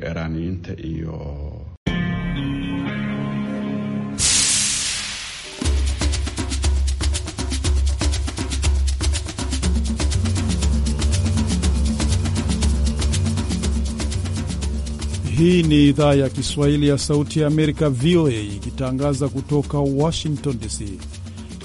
dhaqanka iiraaniyiinta iyo Hii ni idhaa ya Kiswahili ya Sauti ya Amerika, VOA, ikitangaza kutoka Washington DC.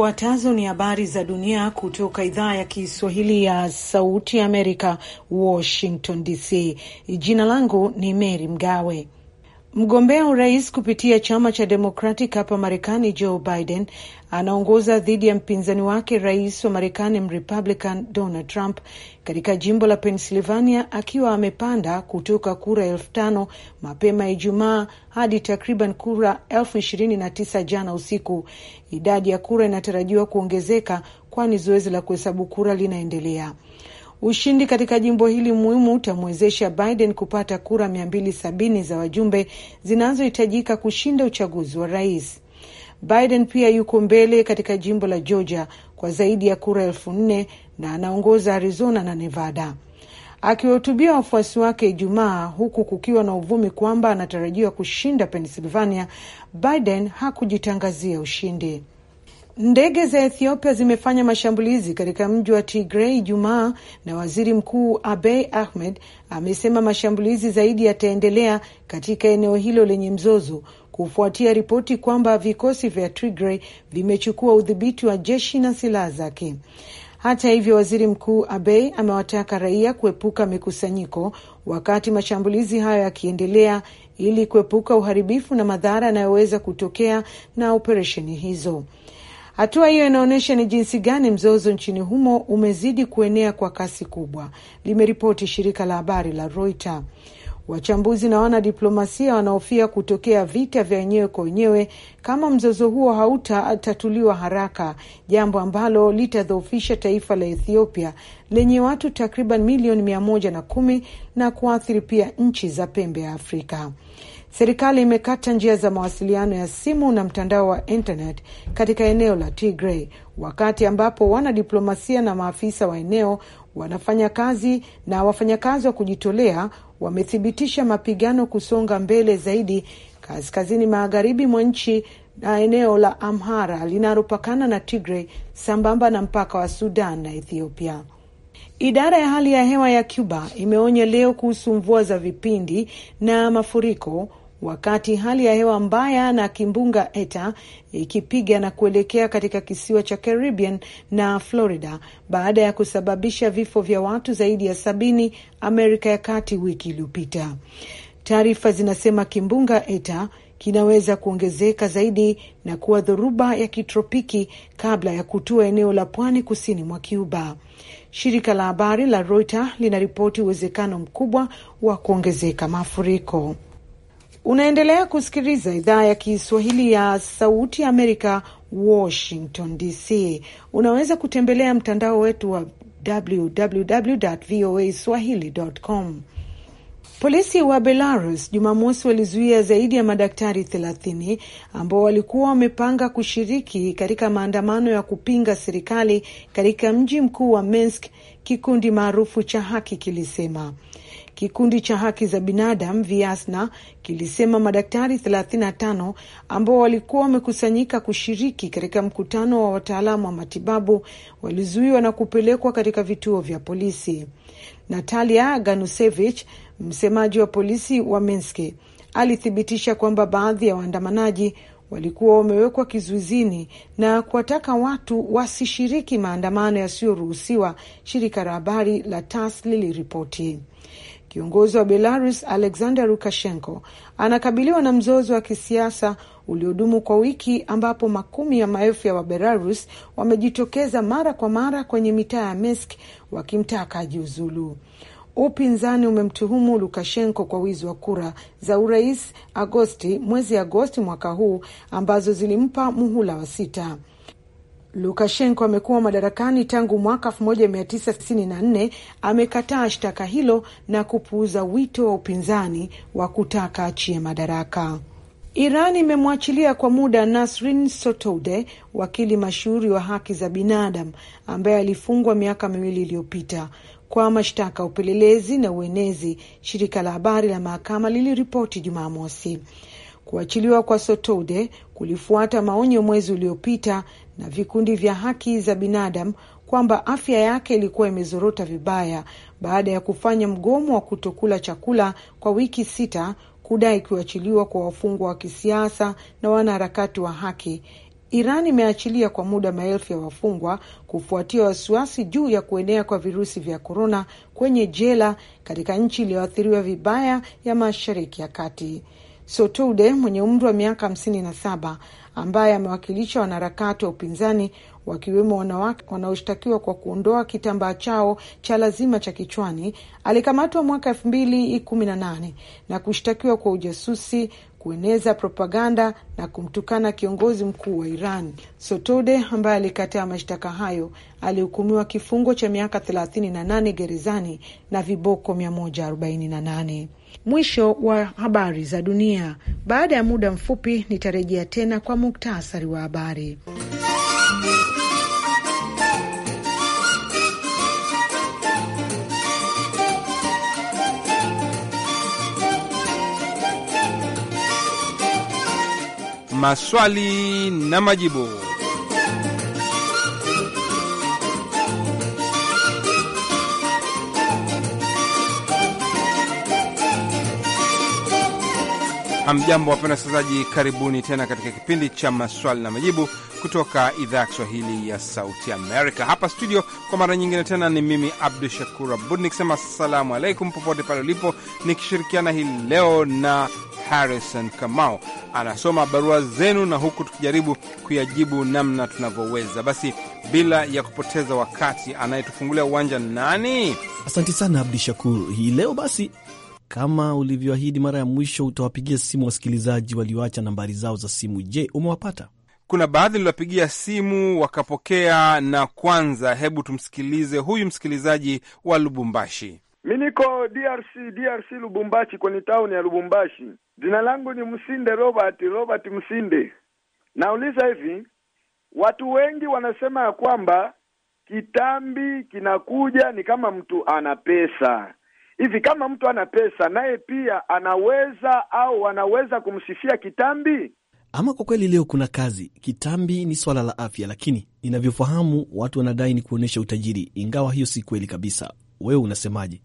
Zifuatazo ni habari za dunia kutoka idhaa ya Kiswahili ya Sauti ya Amerika, Washington DC. Jina langu ni Mary Mgawe. Mgombea urais kupitia chama cha Democratic hapa Marekani, Joe Biden anaongoza dhidi ya mpinzani wake rais wa Marekani Mrepublican Donald Trump katika jimbo la Pennsylvania, akiwa amepanda kutoka kura elfu tano mapema Ijumaa hadi takriban kura elfu ishirini na tisa jana usiku. Idadi ya kura inatarajiwa kuongezeka kwani zoezi la kuhesabu kura linaendelea. Ushindi katika jimbo hili muhimu utamwezesha Biden kupata kura 270 za wajumbe zinazohitajika kushinda uchaguzi wa rais. Biden pia yuko mbele katika jimbo la Georgia kwa zaidi ya kura elfu nne na anaongoza Arizona na Nevada. Akiwahutubia wafuasi wake Ijumaa, huku kukiwa na uvumi kwamba anatarajiwa kushinda Pennsylvania, Biden hakujitangazia ushindi. Ndege za Ethiopia zimefanya mashambulizi katika mji wa tigrei Ijumaa, na waziri mkuu Abiy Ahmed amesema mashambulizi zaidi yataendelea katika eneo hilo lenye mzozo kufuatia ripoti kwamba vikosi vya Tigray vimechukua udhibiti wa jeshi na silaha zake. Hata hivyo, waziri mkuu Abiy amewataka raia kuepuka mikusanyiko wakati mashambulizi hayo yakiendelea ili kuepuka uharibifu na madhara yanayoweza kutokea na operesheni hizo. Hatua hiyo inaonyesha ni jinsi gani mzozo nchini humo umezidi kuenea kwa kasi kubwa, limeripoti shirika la habari la Reuters. Wachambuzi na wanadiplomasia wanahofia kutokea vita vya wenyewe kwa wenyewe kama mzozo huo hautatatuliwa haraka, jambo ambalo litadhoofisha taifa la Ethiopia lenye watu takriban milioni mia moja na kumi na kuathiri pia nchi za pembe ya Afrika. Serikali imekata njia za mawasiliano ya simu na mtandao wa internet katika eneo la Tigray, wakati ambapo wanadiplomasia na maafisa wa eneo wanafanya kazi na wafanyakazi wa kujitolea wamethibitisha mapigano kusonga mbele zaidi kaskazini magharibi mwa nchi na eneo la Amhara linalopakana na Tigray sambamba na mpaka wa Sudan na Ethiopia. Idara ya hali ya hewa ya Cuba imeonya leo kuhusu mvua za vipindi na mafuriko wakati hali ya hewa mbaya na kimbunga Eta ikipiga na kuelekea katika kisiwa cha Caribbean na Florida baada ya kusababisha vifo vya watu zaidi ya sabini Amerika ya Kati wiki iliyopita. Taarifa zinasema kimbunga Eta kinaweza kuongezeka zaidi na kuwa dhoruba ya kitropiki kabla ya kutua eneo la pwani kusini mwa Cuba. Shirika la habari la Reuters linaripoti uwezekano mkubwa wa kuongezeka mafuriko. Unaendelea kusikiliza idhaa ya Kiswahili ya Sauti ya Amerika, Washington DC. Unaweza kutembelea mtandao wetu wa www voa swahili com. Polisi wa Belarus Jumamosi walizuia zaidi ya madaktari thelathini ambao walikuwa wamepanga kushiriki katika maandamano ya kupinga serikali katika mji mkuu wa Minsk, kikundi maarufu cha haki kilisema. Kikundi cha haki za binadamu Viasna kilisema madaktari 35 ambao walikuwa wamekusanyika kushiriki katika mkutano wa wataalamu wa matibabu walizuiwa na kupelekwa katika vituo vya polisi. Natalia Ganusevich, msemaji wa polisi wa minski alithibitisha kwamba baadhi ya waandamanaji walikuwa wamewekwa kizuizini na kuwataka watu wasishiriki maandamano yasiyoruhusiwa, shirika la habari la TASS liliripoti. Kiongozi wa Belarus Alexander Lukashenko anakabiliwa na mzozo wa kisiasa uliodumu kwa wiki ambapo makumi ya maelfu ya Wabelarus wamejitokeza mara kwa mara kwenye mitaa ya Minsk wakimtaka ajiuzulu. Upinzani umemtuhumu Lukashenko kwa wizi wa kura za urais Agosti, mwezi Agosti mwaka huu ambazo zilimpa muhula wa sita. Lukashenko amekuwa madarakani tangu mwaka 1994. Amekataa shtaka hilo na kupuuza wito wa upinzani wa kutaka achie madaraka. Iran imemwachilia kwa muda Nasrin Sotoude, wakili mashuhuri wa haki za binadamu ambaye alifungwa miaka miwili iliyopita kwa mashtaka ya upelelezi na uenezi, shirika la habari la mahakama liliripoti Jumamosi. Kuachiliwa kwa Sotoude kulifuata maonyo mwezi uliopita na vikundi vya haki za binadamu kwamba afya yake ilikuwa imezorota vibaya baada ya kufanya mgomo wa kutokula chakula kwa wiki sita kudai kuachiliwa kwa wafungwa wa kisiasa na wanaharakati wa haki. Iran imeachilia kwa muda maelfu ya wafungwa kufuatia wasiwasi juu ya kuenea kwa virusi vya korona kwenye jela katika nchi iliyoathiriwa vibaya ya Mashariki ya Kati. Sotude mwenye umri wa miaka hamsini na saba ambaye amewakilisha wanaharakati wa upinzani wakiwemo wanawake wanaoshtakiwa kwa kuondoa kitambaa chao cha lazima cha kichwani alikamatwa mwaka elfu mbili kumi na nane na kushtakiwa kwa ujasusi, kueneza propaganda na kumtukana kiongozi mkuu wa Iran. sotoude ambaye alikataa mashtaka hayo alihukumiwa kifungo cha miaka 38 gerezani na viboko 148. Mwisho wa habari za dunia. Baada ya muda mfupi nitarejea tena kwa muktasari wa habari. Maswali na majibu. Hamjambo, wapenda wasikilizaji, karibuni tena katika kipindi cha maswali na majibu kutoka idhaa ya Kiswahili ya Sauti Amerika hapa studio. Kwa mara nyingine tena ni mimi Abdu Shakur Abud nikisema assalamu alaikum popote pale ulipo, nikishirikiana hii leo na Harrison Kamau anasoma barua zenu, na huku tukijaribu kuyajibu namna tunavyoweza. Basi bila ya kupoteza wakati, anayetufungulia uwanja nani? Asante sana Abdu Shakur. Hii leo basi kama ulivyoahidi mara ya mwisho, utawapigia simu wasikilizaji walioacha nambari zao za simu. Je, umewapata? Kuna baadhi niliwapigia simu wakapokea. Na kwanza, hebu tumsikilize huyu msikilizaji wa Lubumbashi. Mi niko DRC, DRC Lubumbashi, kwenye tauni ya Lubumbashi. Jina langu ni Msinde Robert, Robert Msinde. Nauliza hivi, watu wengi wanasema ya kwamba kitambi kinakuja ni kama mtu ana pesa hivi kama mtu ana pesa naye pia anaweza au anaweza kumsifia kitambi? Ama kwa kweli, leo kuna kazi. Kitambi ni swala la afya, lakini inavyofahamu watu wanadai ni kuonyesha utajiri, ingawa hiyo si kweli kabisa. Wewe unasemaje?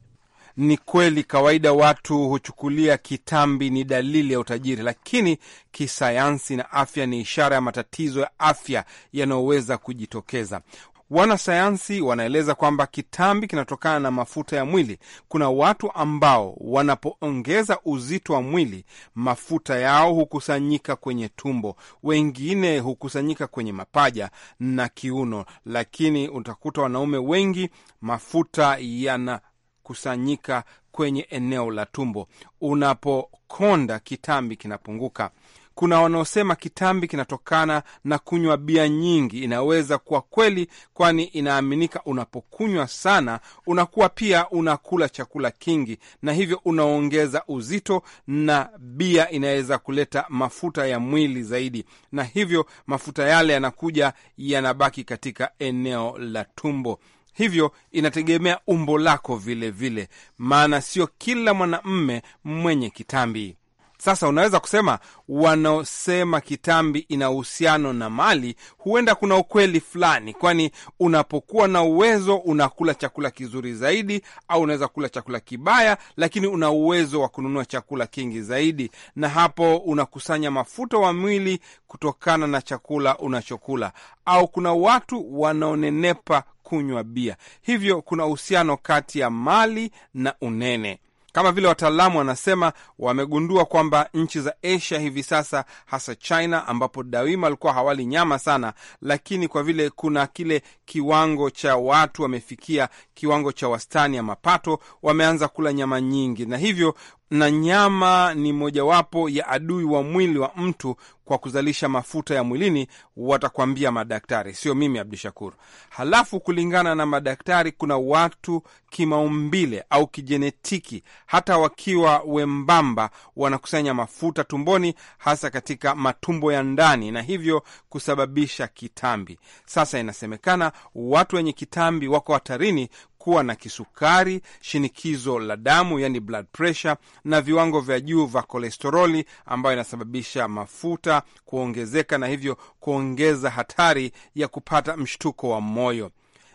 Ni kweli, kawaida watu huchukulia kitambi ni dalili ya utajiri, lakini kisayansi na afya ni ishara ya matatizo ya afya yanayoweza kujitokeza. Wanasayansi wanaeleza kwamba kitambi kinatokana na mafuta ya mwili. Kuna watu ambao wanapoongeza uzito wa mwili, mafuta yao hukusanyika kwenye tumbo, wengine hukusanyika kwenye mapaja na kiuno, lakini utakuta wanaume wengi mafuta yanakusanyika kwenye eneo la tumbo. Unapokonda, kitambi kinapunguka. Kuna wanaosema kitambi kinatokana na kunywa bia nyingi. Inaweza kuwa kweli, kwani inaaminika unapokunywa sana unakuwa pia unakula chakula kingi, na hivyo unaongeza uzito, na bia inaweza kuleta mafuta ya mwili zaidi, na hivyo mafuta yale yanakuja yanabaki katika eneo la tumbo. Hivyo inategemea umbo lako vilevile, maana sio kila mwanamme mwenye kitambi. Sasa unaweza kusema wanaosema Kitambi ina uhusiano na Mali, huenda kuna ukweli fulani, kwani unapokuwa na uwezo unakula chakula kizuri zaidi, au unaweza kula chakula kibaya, lakini una uwezo wa kununua chakula kingi zaidi, na hapo unakusanya mafuta wa mwili kutokana na chakula unachokula. Au kuna watu wanaonenepa kunywa bia, hivyo kuna uhusiano kati ya mali na unene. Kama vile wataalamu wanasema, wamegundua kwamba nchi za Asia hivi sasa, hasa China ambapo daima walikuwa hawali nyama sana, lakini kwa vile kuna kile kiwango cha watu wamefikia kiwango cha wastani ya mapato, wameanza kula nyama nyingi, na hivyo na nyama ni mojawapo ya adui wa mwili wa mtu kwa kuzalisha mafuta ya mwilini, watakwambia madaktari, sio mimi Abdu Shakur. Halafu kulingana na madaktari, kuna watu kimaumbile au kijenetiki, hata wakiwa wembamba, wanakusanya mafuta tumboni, hasa katika matumbo ya ndani, na hivyo kusababisha kitambi. Sasa inasemekana watu wenye kitambi wako hatarini kuwa na kisukari, shinikizo la damu yani blood pressure, na viwango vya juu vya kolesteroli ambayo inasababisha mafuta kuongezeka na hivyo kuongeza hatari ya kupata mshtuko wa moyo.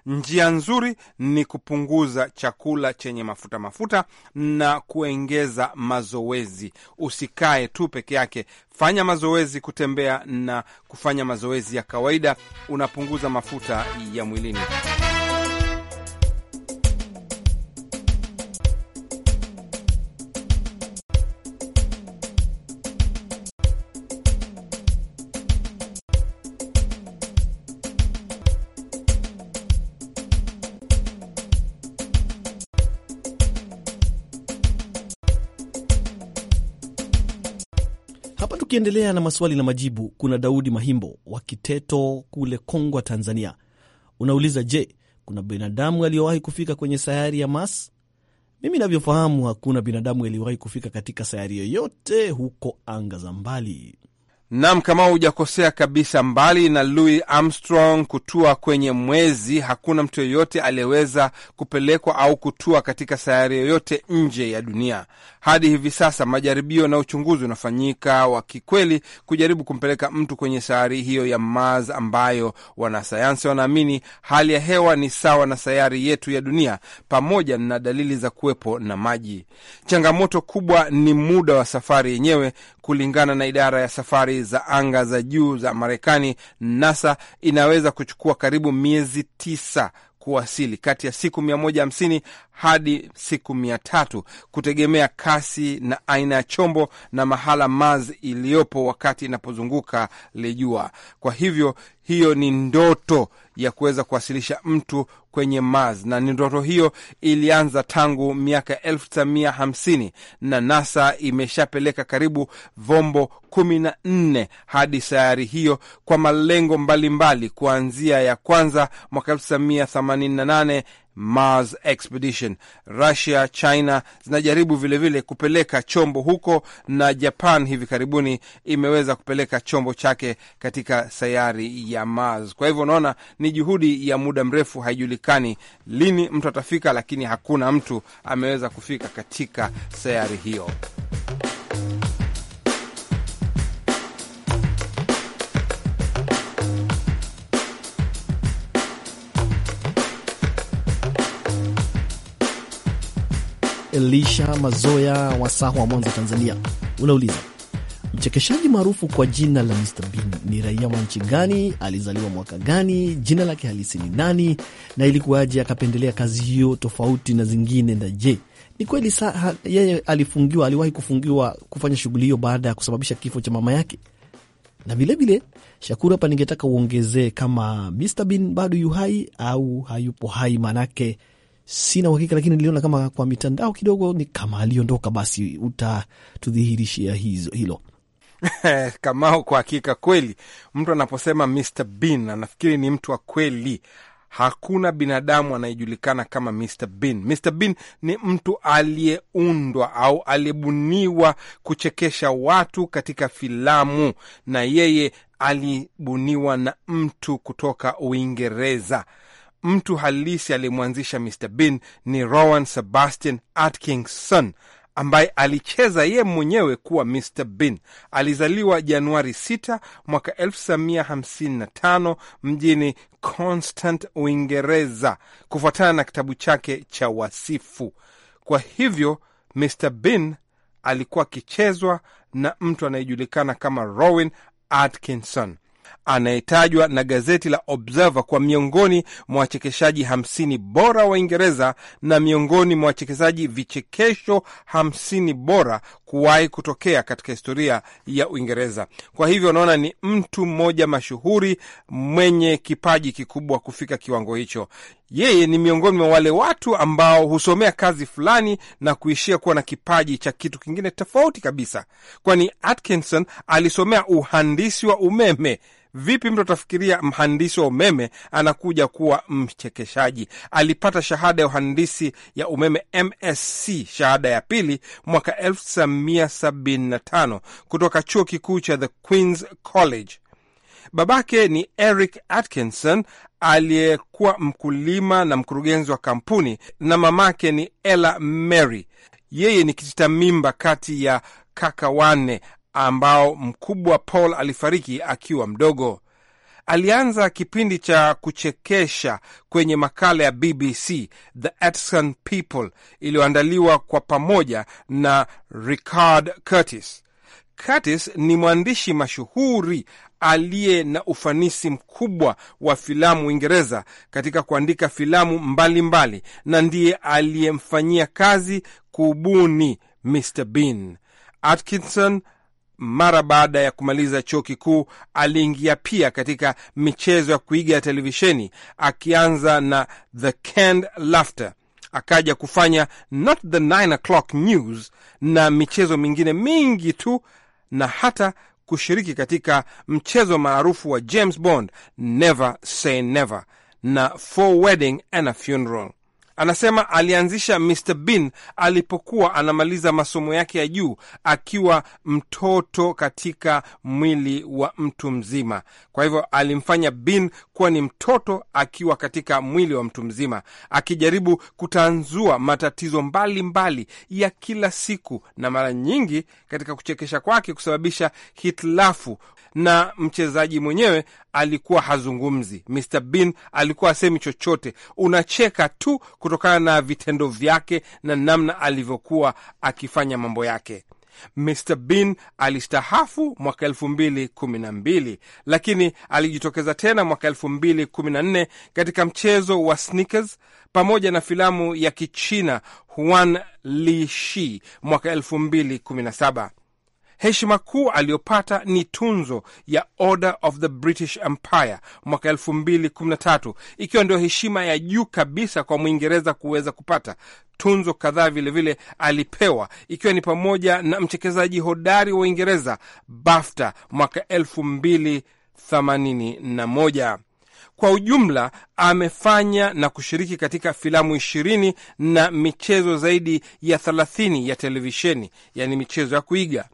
Njia nzuri ni kupunguza chakula chenye mafuta mafuta na kuengeza mazoezi. Usikae tu peke yake, fanya mazoezi, kutembea na kufanya mazoezi ya kawaida, unapunguza mafuta ya mwilini. Tukiendelea na maswali na majibu, kuna Daudi Mahimbo wa Kiteto kule Kongwa, Tanzania. Unauliza, je, kuna binadamu aliyowahi kufika kwenye sayari ya Mars? Mimi navyofahamu hakuna binadamu aliyowahi kufika katika sayari yoyote huko anga za mbali. Nam, kama hujakosea kabisa. Mbali na Louis Armstrong kutua kwenye mwezi, hakuna mtu yeyote aliyeweza kupelekwa au kutua katika sayari yoyote nje ya dunia hadi hivi sasa. Majaribio na uchunguzi unafanyika wa kikweli kujaribu kumpeleka mtu kwenye sayari hiyo ya Mars, ambayo wanasayansi wanaamini hali ya hewa ni sawa na sayari yetu ya dunia, pamoja na dalili za kuwepo na maji. Changamoto kubwa ni muda wa safari yenyewe kulingana na idara ya safari za anga za juu za Marekani, NASA, inaweza kuchukua karibu miezi tisa kuwasili kati ya siku mia moja hamsini hadi siku mia tatu kutegemea kasi na aina ya chombo na mahala Mars iliyopo wakati inapozunguka lijua. Kwa hivyo hiyo ni ndoto ya kuweza kuwasilisha mtu kwenye Mars, na ni ndoto hiyo ilianza tangu miaka 1950 na NASA imeshapeleka karibu vombo 14 hadi sayari hiyo kwa malengo mbalimbali, kuanzia ya kwanza mwaka 1988 Mars Expedition. Russia, China zinajaribu vilevile vile kupeleka chombo huko, na Japan hivi karibuni imeweza kupeleka chombo chake katika sayari ya Mars. Kwa hivyo unaona, ni juhudi ya muda mrefu, haijulikani lini mtu atafika, lakini hakuna mtu ameweza kufika katika sayari hiyo. Elisha Mazoya wasaha wa Mwanza, Tanzania, unauliza mchekeshaji maarufu kwa jina la Mr Bean ni raia wa nchi gani? Alizaliwa mwaka gani? Jina lake halisi ni nani? Na ilikuwaje akapendelea kazi hiyo tofauti na zingine? Na je, ni kweli yeye alifungiwa, aliwahi kufungiwa kufanya shughuli hiyo baada ya kusababisha kifo cha mama yake? Na vilevile, Shakura, hapa ningetaka uongezee kama Mr Bean bado yu hai au hayupo hai, maanake sina uhakika, lakini niliona kama kwa mitandao kidogo ni kama aliondoka. Basi utatudhihirishia hilo. Kamao, kwa hakika kweli, mtu anaposema Mr Bean anafikiri ni mtu wa kweli. Hakuna binadamu anayejulikana kama Mr Bean. Mr Bean ni mtu aliyeundwa au aliyebuniwa kuchekesha watu katika filamu, na yeye alibuniwa na mtu kutoka Uingereza mtu halisi aliyemwanzisha Mr Bean ni Rowan Sebastian Atkinson ambaye alicheza ye mwenyewe kuwa Mr Bean. Alizaliwa Januari 6 mwaka 1955 mjini Constant, Uingereza, kufuatana na kitabu chake cha wasifu. Kwa hivyo Mr Bean alikuwa akichezwa na mtu anayejulikana kama Rowan Atkinson anayetajwa na gazeti la Observer kwa miongoni mwa wachekeshaji hamsini bora wa Uingereza na miongoni mwa wachekeshaji vichekesho hamsini bora kuwahi kutokea katika historia ya Uingereza. Kwa hivyo unaona, ni mtu mmoja mashuhuri mwenye kipaji kikubwa kufika kiwango hicho. Yeye ni miongoni mwa wale watu ambao husomea kazi fulani na kuishia kuwa na kipaji cha kitu kingine tofauti kabisa, kwani Atkinson alisomea uhandisi wa umeme. Vipi mtu atafikiria mhandisi wa umeme anakuja kuwa mchekeshaji? Alipata shahada ya uhandisi ya umeme MSc, shahada ya pili mwaka elfu 1975 kutoka chuo kikuu cha The Queen's College. Babake ni Eric Atkinson aliyekuwa mkulima na mkurugenzi wa kampuni, na mamake ni Ella Mary. Yeye ni kitita mimba kati ya kaka wanne ambao mkubwa Paul alifariki akiwa mdogo alianza kipindi cha kuchekesha kwenye makala ya BBC The Atkinson People iliyoandaliwa kwa pamoja na Richard Curtis. Curtis ni mwandishi mashuhuri aliye na ufanisi mkubwa wa filamu Uingereza katika kuandika filamu mbalimbali mbali, na ndiye aliyemfanyia kazi kubuni Mr Bean. Atkinson mara baada ya kumaliza chuo kikuu aliingia pia katika michezo ya kuiga ya televisheni akianza na The Canned Laughter, akaja kufanya Not the 9 O'Clock News na michezo mingine mingi tu, na hata kushiriki katika mchezo maarufu wa James Bond, Never Say Never na For Wedding and a Funeral. Anasema alianzisha Mr Bean alipokuwa anamaliza masomo yake ya juu akiwa mtoto katika mwili wa mtu mzima. Kwa hivyo alimfanya Bean kuwa ni mtoto akiwa katika mwili wa mtu mzima, akijaribu kutanzua matatizo mbalimbali mbali ya kila siku, na mara nyingi katika kuchekesha kwake kusababisha hitilafu na mchezaji mwenyewe alikuwa hazungumzi. Mr Bean alikuwa asemi chochote, unacheka tu kutokana na vitendo vyake na namna alivyokuwa akifanya mambo yake. Mr Bin alistahafu mwaka elfu mbili kumi na mbili lakini alijitokeza tena mwaka elfu mbili kumi na nne katika mchezo wa sneakers pamoja na filamu ya Kichina Huan Li Shi mwaka elfu mbili kumi na saba. Heshima kuu aliyopata ni tunzo ya Order of the British Empire mwaka tatu, ikiwa ndio heshima ya juu kabisa kwa Mwingereza kuweza kupata. Tunzo kadhaa vilevile alipewa ikiwa ni pamoja na mchekezaji hodari wa Uingereza BAFTA mwaka 2081. Kwa ujumla amefanya na kushiriki katika filamu ishirini na michezo zaidi ya thelathini ya televisheni, yani michezo ya kuiga.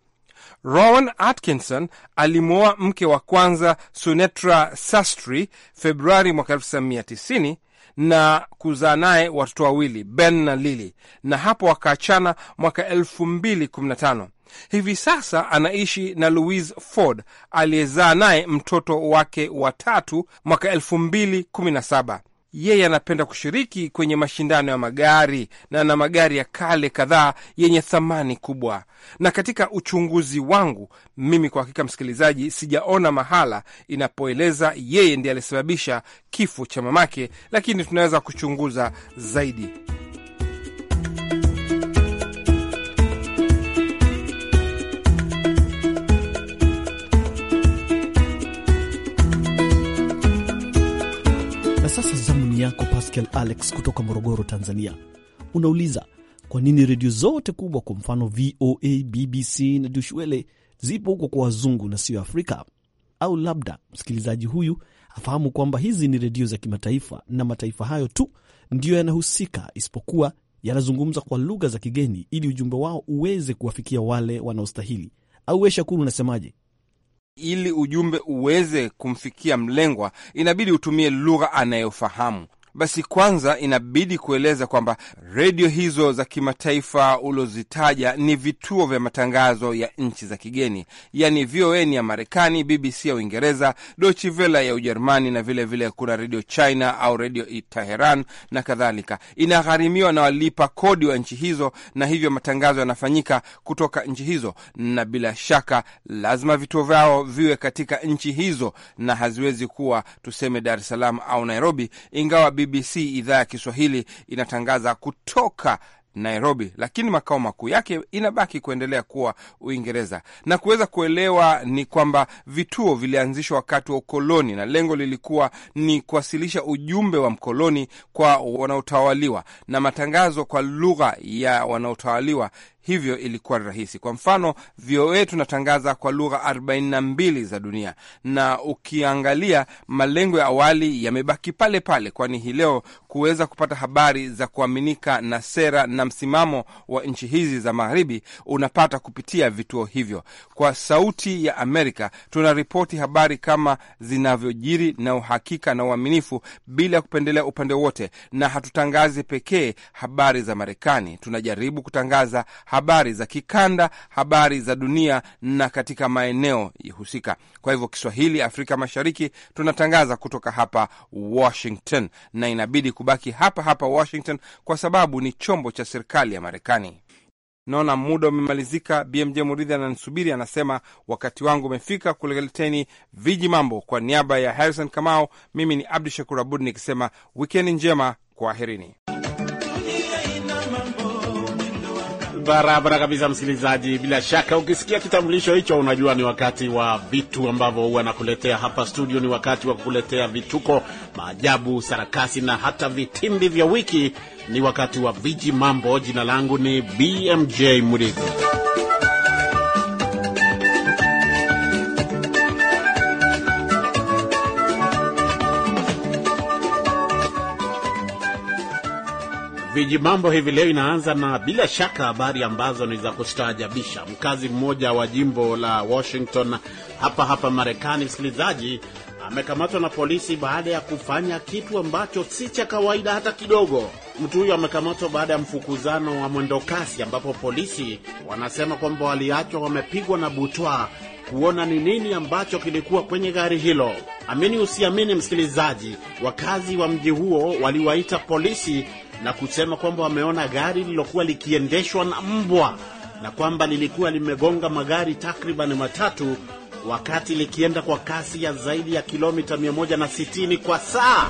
Rowan Atkinson alimwoa mke wa kwanza Sunetra Sastry Februari mwaka 1990 na kuzaa naye watoto wawili Ben na Lili, na hapo wakaachana mwaka 2015. Hivi sasa anaishi na Louise Ford aliyezaa naye mtoto wake watatu mwaka 2017 yeye anapenda kushiriki kwenye mashindano ya magari na na magari ya kale kadhaa yenye thamani kubwa. Na katika uchunguzi wangu mimi, kwa hakika, msikilizaji, sijaona mahala inapoeleza yeye ndiye alisababisha kifo cha mamake, lakini tunaweza kuchunguza zaidi. Sasa zamuni yako Pascal Alex kutoka Morogoro, Tanzania. Unauliza kwa nini redio zote kubwa, kwa mfano VOA, BBC na Dushwele, zipo huko kwa wazungu na sio Afrika? Au labda msikilizaji huyu afahamu kwamba hizi ni redio za kimataifa na mataifa hayo tu ndiyo yanahusika, isipokuwa yanazungumza kwa lugha za kigeni ili ujumbe wao uweze kuwafikia wale wanaostahili. Au we Shakuru, unasemaje? ili ujumbe uweze kumfikia mlengwa, inabidi utumie lugha anayofahamu basi kwanza inabidi kueleza kwamba redio hizo za kimataifa ulozitaja ni vituo vya matangazo ya nchi za kigeni, yani VOA ni ya Marekani, BBC ya Uingereza, Deutsche Welle ya Ujerumani, na vilevile vile kuna redio China au redio Teheran na kadhalika. Inagharimiwa na walipa kodi wa nchi hizo, na hivyo matangazo yanafanyika kutoka nchi hizo, na bila shaka lazima vituo vyao viwe katika nchi hizo, na haziwezi kuwa tuseme Dar es Salaam au Nairobi, ingawa BBC idhaa ya Kiswahili inatangaza kutoka Nairobi, lakini makao makuu yake inabaki kuendelea kuwa Uingereza. Na kuweza kuelewa ni kwamba vituo vilianzishwa wakati wa ukoloni, na lengo lilikuwa ni kuwasilisha ujumbe wa mkoloni kwa wanaotawaliwa, na matangazo kwa lugha ya wanaotawaliwa hivyo ilikuwa rahisi. Kwa mfano, VOA tunatangaza kwa lugha 42 za dunia, na ukiangalia malengo ya awali yamebaki pale pale, kwani hii leo kuweza kupata habari za kuaminika na sera na msimamo wa nchi hizi za magharibi unapata kupitia vituo hivyo. Kwa Sauti ya Amerika tunaripoti habari kama zinavyojiri na uhakika na uaminifu bila ya kupendelea upande wote, na hatutangazi pekee habari za Marekani, tunajaribu kutangaza habari za kikanda, habari za dunia na katika maeneo husika. Kwa hivyo Kiswahili Afrika Mashariki tunatangaza kutoka hapa Washington, na inabidi kubaki hapa hapa Washington kwa sababu ni chombo cha serikali ya Marekani. Naona muda umemalizika. BMJ Muridhi ananisubiri, anasema wakati wangu umefika kuleleteni viji mambo. Kwa niaba ya Harrison Kamau, mimi ni Abdu Shakur Abud nikisema wikendi njema, kwaherini. barabara kabisa, msikilizaji. Bila shaka ukisikia kitambulisho hicho, unajua ni wakati wa vitu ambavyo huwa nakuletea hapa studio. Ni wakati wa kukuletea vituko, maajabu, sarakasi na hata vitimbi vya wiki. Ni wakati wa viji mambo. Jina langu ni BMJ Murithi. Viji mambo hivi leo inaanza na bila shaka habari ambazo ni za kustaajabisha. Mkazi mmoja wa jimbo la Washington hapa hapa Marekani, msikilizaji, amekamatwa na polisi baada ya kufanya kitu ambacho si cha kawaida hata kidogo. Mtu huyo amekamatwa baada ya mfukuzano wa mwendokasi, ambapo polisi wanasema kwamba waliachwa wamepigwa na butwa kuona ni nini ambacho kilikuwa kwenye gari hilo. Amini usiamini, msikilizaji, wakazi wa mji huo waliwaita polisi na kusema kwamba wameona gari lilokuwa likiendeshwa na mbwa na kwamba lilikuwa limegonga magari takriban matatu wakati likienda kwa kasi ya zaidi ya kilomita 160 kwa saa.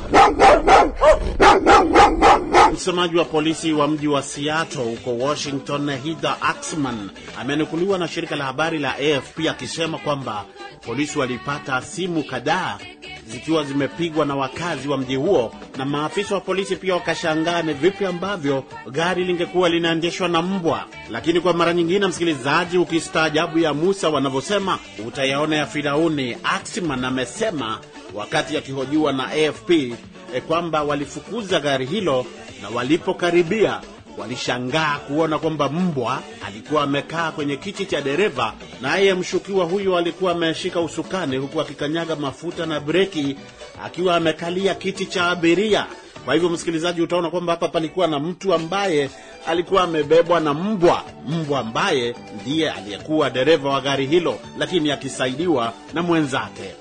Msemaji wa polisi wa mji wa Seattle huko Washington, Heather Axman, amenukuliwa na shirika la habari la AFP akisema kwamba polisi walipata simu kadhaa zikiwa zimepigwa na wakazi wa mji huo, na maafisa wa polisi pia wakashangaa ni vipi ambavyo gari lingekuwa linaendeshwa na mbwa. Lakini kwa mara nyingine, msikilizaji, ukistaajabu ya Musa wanavyosema, utayaona ya Firauni. Aksiman amesema wakati akihojiwa na AFP e, eh, kwamba walifukuza gari hilo na walipokaribia walishangaa kuona kwamba mbwa alikuwa amekaa kwenye kiti cha dereva, naye mshukiwa huyo alikuwa ameshika usukani huku akikanyaga mafuta na breki akiwa amekalia kiti cha abiria. Kwa hivyo, msikilizaji, utaona kwamba hapa palikuwa na mtu ambaye alikuwa amebebwa na mbwa, mbwa ambaye ndiye aliyekuwa dereva wa gari hilo, lakini akisaidiwa na mwenzake.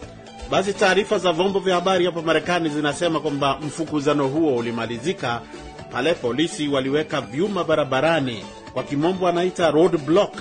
Basi taarifa za vyombo vya habari hapa Marekani zinasema kwamba mfukuzano huo ulimalizika pale polisi waliweka vyuma barabarani, kwa kimombo anaita road block,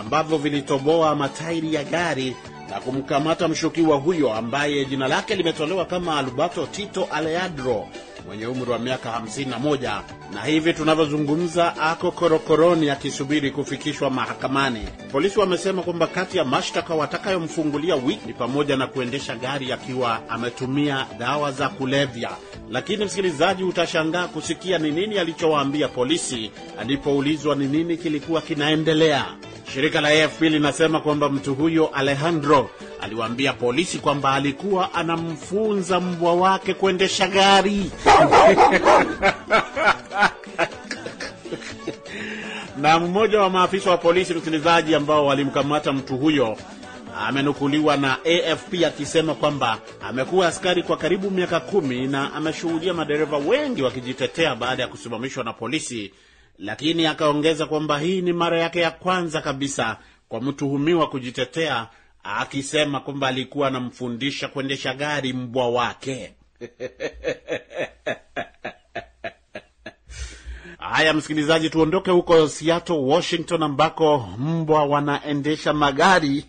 ambavyo vilitoboa matairi ya gari na kumkamata mshukiwa huyo ambaye jina lake limetolewa kama Alberto Tito Aleandro mwenye umri wa miaka 51 na hivi tunavyozungumza ako korokoroni akisubiri kufikishwa mahakamani. Polisi wamesema kwamba kati ya mashtaka watakayomfungulia wiki ni pamoja na kuendesha gari akiwa ametumia dawa za kulevya. Lakini msikilizaji, utashangaa kusikia ni nini alichowaambia polisi alipoulizwa ni nini kilikuwa kinaendelea. Shirika la AFP linasema kwamba mtu huyo Alejandro aliwaambia polisi kwamba alikuwa anamfunza mbwa wake kuendesha gari. na mmoja wa maafisa wa polisi, msikilizaji, ambao walimkamata mtu huyo amenukuliwa na AFP akisema kwamba amekuwa askari kwa karibu miaka kumi na ameshuhudia madereva wengi wakijitetea baada ya kusimamishwa na polisi lakini akaongeza kwamba hii ni mara yake ya kwanza kabisa kwa mtuhumiwa kujitetea, akisema kwamba alikuwa anamfundisha kuendesha gari mbwa wake. Haya, msikilizaji, tuondoke huko Seattle, Washington, ambako mbwa wanaendesha magari,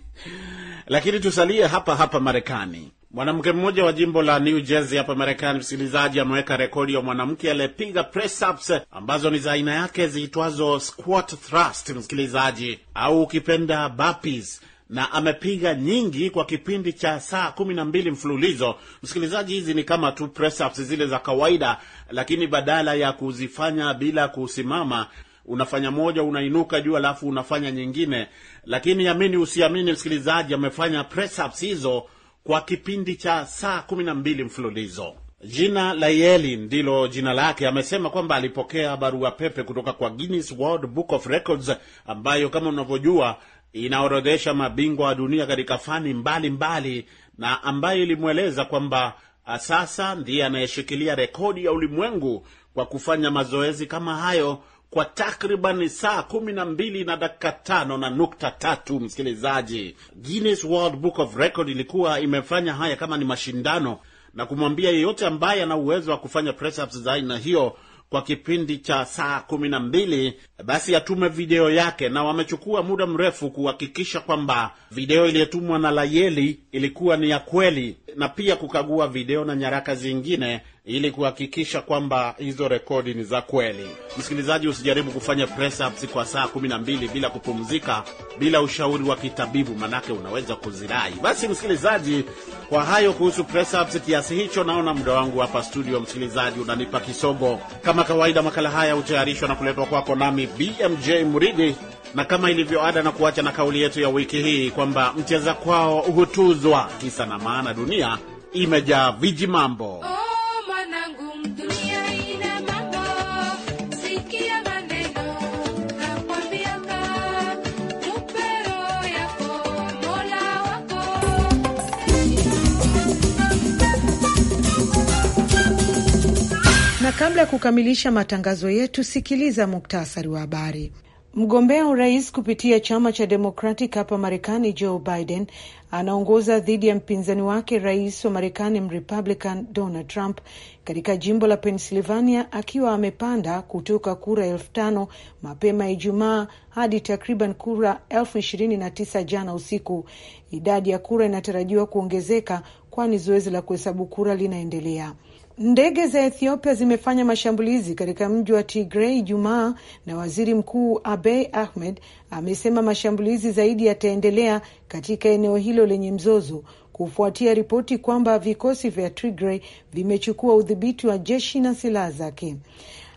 lakini tusalie hapa hapa Marekani. Mwanamke mmoja wa jimbo la New Jersey hapa Marekani, msikilizaji, ameweka rekodi ya mwanamke aliyepiga press ups ambazo ni za aina yake ziitwazo squat thrust, msikilizaji, au ukipenda burpees, na amepiga nyingi kwa kipindi cha saa kumi na mbili mfululizo. Msikilizaji, hizi ni kama tu press ups zile za kawaida, lakini badala ya kuzifanya bila kusimama unafanya moja, unainuka juu, alafu unafanya nyingine. Lakini amini usiamini, msikilizaji, amefanya press ups hizo kwa kipindi cha saa kumi na mbili mfululizo. Jina la Yeli ndilo jina lake. Amesema kwamba alipokea barua pepe kutoka kwa Guinness World Book of Records ambayo kama unavyojua inaorodhesha mabingwa wa dunia katika fani mbalimbali mbali, na ambayo ilimweleza kwamba ah, sasa ndiye anayeshikilia rekodi ya ulimwengu kwa kufanya mazoezi kama hayo kwa takriban saa kumi na mbili na dakika tano na nukta tatu. Msikilizaji, Guinness World Book of Record ilikuwa imefanya haya kama ni mashindano na kumwambia yeyote ambaye ana uwezo wa kufanya press ups za aina hiyo kwa kipindi cha saa kumi na mbili basi atume video yake, na wamechukua muda mrefu kuhakikisha kwamba video iliyotumwa na Layeli ilikuwa ni ya kweli, na pia kukagua video na nyaraka zingine ili kuhakikisha kwamba hizo rekodi ni za kweli. Msikilizaji, usijaribu kufanya press ups kwa saa 12 bila kupumzika, bila ushauri wa kitabibu, manake unaweza kuzirai. Basi msikilizaji, kwa hayo kuhusu press ups kiasi hicho, naona muda wangu hapa studio, msikilizaji, unanipa kisogo. Kama kawaida, makala haya hutayarishwa na kuletwa kwako nami BMJ Muridi, na kama ilivyo ada, na kuacha na kauli yetu ya wiki hii kwamba mcheza kwao hutuzwa. Kisa na maana, dunia imejaa viji mambo. Na kabla ya kukamilisha matangazo yetu, sikiliza muktasari wa habari. Mgombea urais kupitia chama cha Democratic hapa Marekani, Joe Biden anaongoza dhidi ya mpinzani wake rais wa Marekani Mrepublican Donald Trump katika jimbo la Pennsylvania akiwa amepanda kutoka kura elfu tano mapema ya Ijumaa hadi takriban kura elfu ishirini na tisa jana usiku. Idadi ya kura inatarajiwa kuongezeka kwani zoezi la kuhesabu kura linaendelea. Ndege za Ethiopia zimefanya mashambulizi katika mji wa tigrei Ijumaa, na waziri mkuu Abiy Ahmed amesema mashambulizi zaidi yataendelea katika eneo hilo lenye mzozo kufuatia ripoti kwamba vikosi vya Tigray vimechukua udhibiti wa jeshi na silaha zake.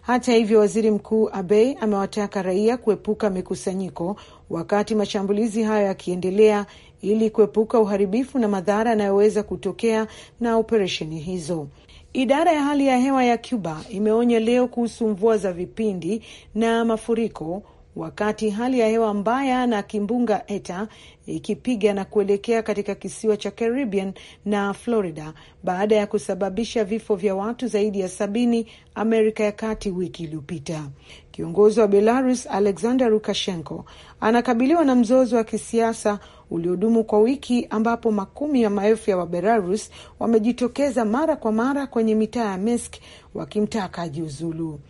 Hata hivyo, waziri mkuu Abiy amewataka raia kuepuka mikusanyiko wakati mashambulizi hayo yakiendelea ili kuepuka uharibifu na madhara yanayoweza kutokea na operesheni hizo. Idara ya hali ya hewa ya Cuba imeonya leo kuhusu mvua za vipindi na mafuriko wakati hali ya hewa mbaya na kimbunga Eta ikipiga na kuelekea katika kisiwa cha Caribbean na Florida baada ya kusababisha vifo vya watu zaidi ya sabini Amerika ya Kati wiki iliyopita. Kiongozi wa Belarus Alexander Lukashenko anakabiliwa na mzozo wa kisiasa uliodumu kwa wiki, ambapo makumi ya maelfu ya Wabelarus wamejitokeza mara kwa mara kwenye mitaa ya Minsk wakimtaka ajiuzulu.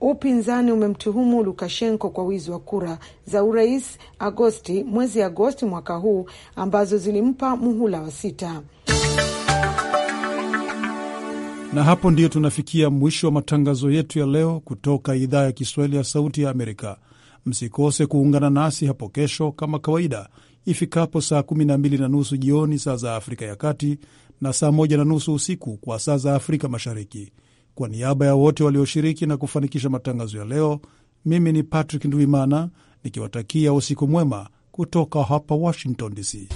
Upinzani umemtuhumu Lukashenko kwa wizi wa kura za urais Agosti, mwezi Agosti mwaka huu ambazo zilimpa muhula wa sita. Na hapo ndiyo tunafikia mwisho wa matangazo yetu ya leo kutoka idhaa ya Kiswahili ya Sauti ya Amerika. Msikose kuungana nasi hapo kesho kama kawaida ifikapo saa kumi na mbili na nusu jioni saa za Afrika ya Kati na saa moja na nusu usiku kwa saa za Afrika Mashariki. Kwa niaba ya wote walioshiriki na kufanikisha matangazo ya leo, mimi ni Patrick Ndwimana nikiwatakia usiku mwema kutoka hapa Washington DC.